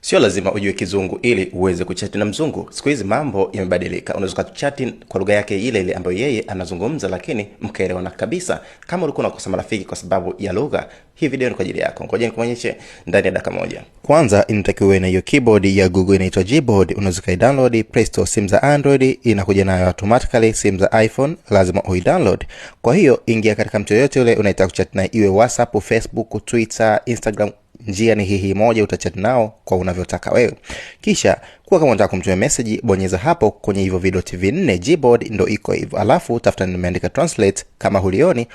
Sio lazima ujue kizungu ili uweze kuchati na mzungu. Siku hizi mambo yamebadilika, unaweza kuchati kwa lugha yake ile ile ambayo yeye anazungumza, lakini mkaelewana kabisa. Kama ulikuwa unakosa marafiki kwa sababu ya lugha, hii video ni kwa ajili yako. Ngoja nikuonyeshe ndani ya dakika moja. Kwanza inatakiwa na hiyo keyboard ya Google inaitwa Gboard, unaweza kuidownload Play Store. Simu za Android inakuja nayo automatically, simu za iPhone lazima uidownload. Kwa hiyo ingia katika mtu yoyote ule unaitaka kuchat naye, iwe WhatsApp, Facebook, Twitter, Instagram njia ni hii moja, utachat nao kwa unavyotaka wewe. Kisha kuwa kama unataka kumtumia message, bonyeza hapo kwenye hivyo vidoti vinne, Gboard ndo iko hivyo, alafu tafuta nimeandika translate. Kama hulioni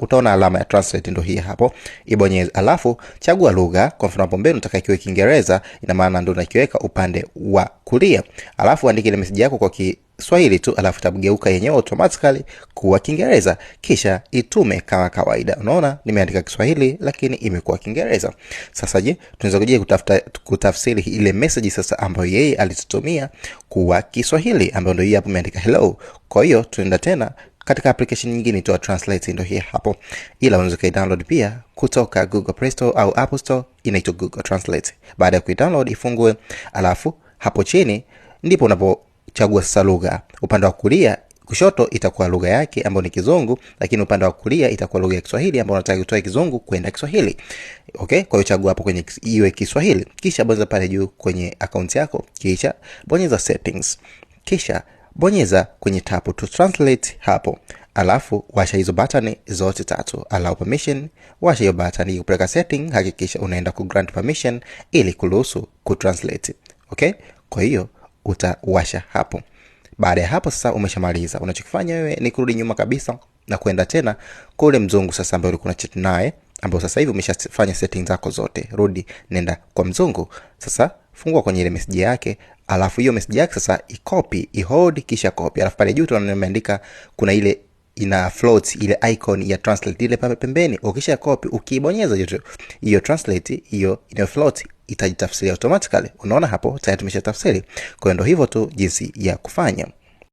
utaona alama ya translate ndo hii hapo, ibonyeza alafu chagua lugha. Kwa mfano hapo mbele unataka kiwe Kiingereza, ina maana ndo unakiweka upande wa kulia, alafu andike ile message yako kwa ki Swahili tu alafu itabgeuka yenyewe automatically kuwa Kiingereza, kisha itume kama kawaida. Unaona, nimeandika Kiswahili lakini imekuwa Kiingereza. Sasa je, tunaweza kuja kutafuta kutafsiri ile message sasa ambayo yeye alitutumia kuwa Kiswahili, ambayo ndio hii hapo imeandika hello. Kwa hiyo tunaenda tena katika application nyingine itoa translate, ndio hii hapo, ila unaweza kudownload pia kutoka Google Play Store au Apple Store, inaitwa Google Translate. Baada ya kuidownload, ifungue, alafu hapo chini ndipo unapo chagua sasa lugha. Upande wa kulia kushoto itakuwa lugha yake ambayo ni Kizungu, lakini upande wa kulia itakuwa lugha ya Kiswahili ambayo unataka kutoa Kizungu kwenda Kiswahili. Okay, kwa hiyo chagua hapo kwenye iwe Kiswahili, kisha bonyeza pale juu kwenye akaunti yako, kisha bonyeza settings, kisha bonyeza kwenye tapu to translate hapo, alafu washa hizo batani zote tatu, allow permission, washa hiyo batani kupeleka setting. Hakikisha unaenda ku grant permission ili kuruhusu kutranslate. Okay, kwa hiyo utawasha hapo. Baada ya hapo sasa umeshamaliza, unachokifanya wewe ni kurudi nyuma kabisa na kwenda tena kwa ule mzungu sasa ambaye ulikuwa unachat naye, ambao sasa hivi umeshafanya setting zako zote. Rudi, nenda kwa mzungu sasa, fungua kwenye ile message yake, alafu hiyo message yake sasa ikopi, ihold, kisha copy, alafu pale juu tunaona imeandika kuna ile ina float ile icon ya translate ile pale pembeni. Ukisha copy ukibonyeza hiyo hiyo translate hiyo ina float itajitafsiri automatically. Unaona hapo tayari tumesha tafsiri. Kwa hiyo ndio hivyo tu jinsi ya kufanya.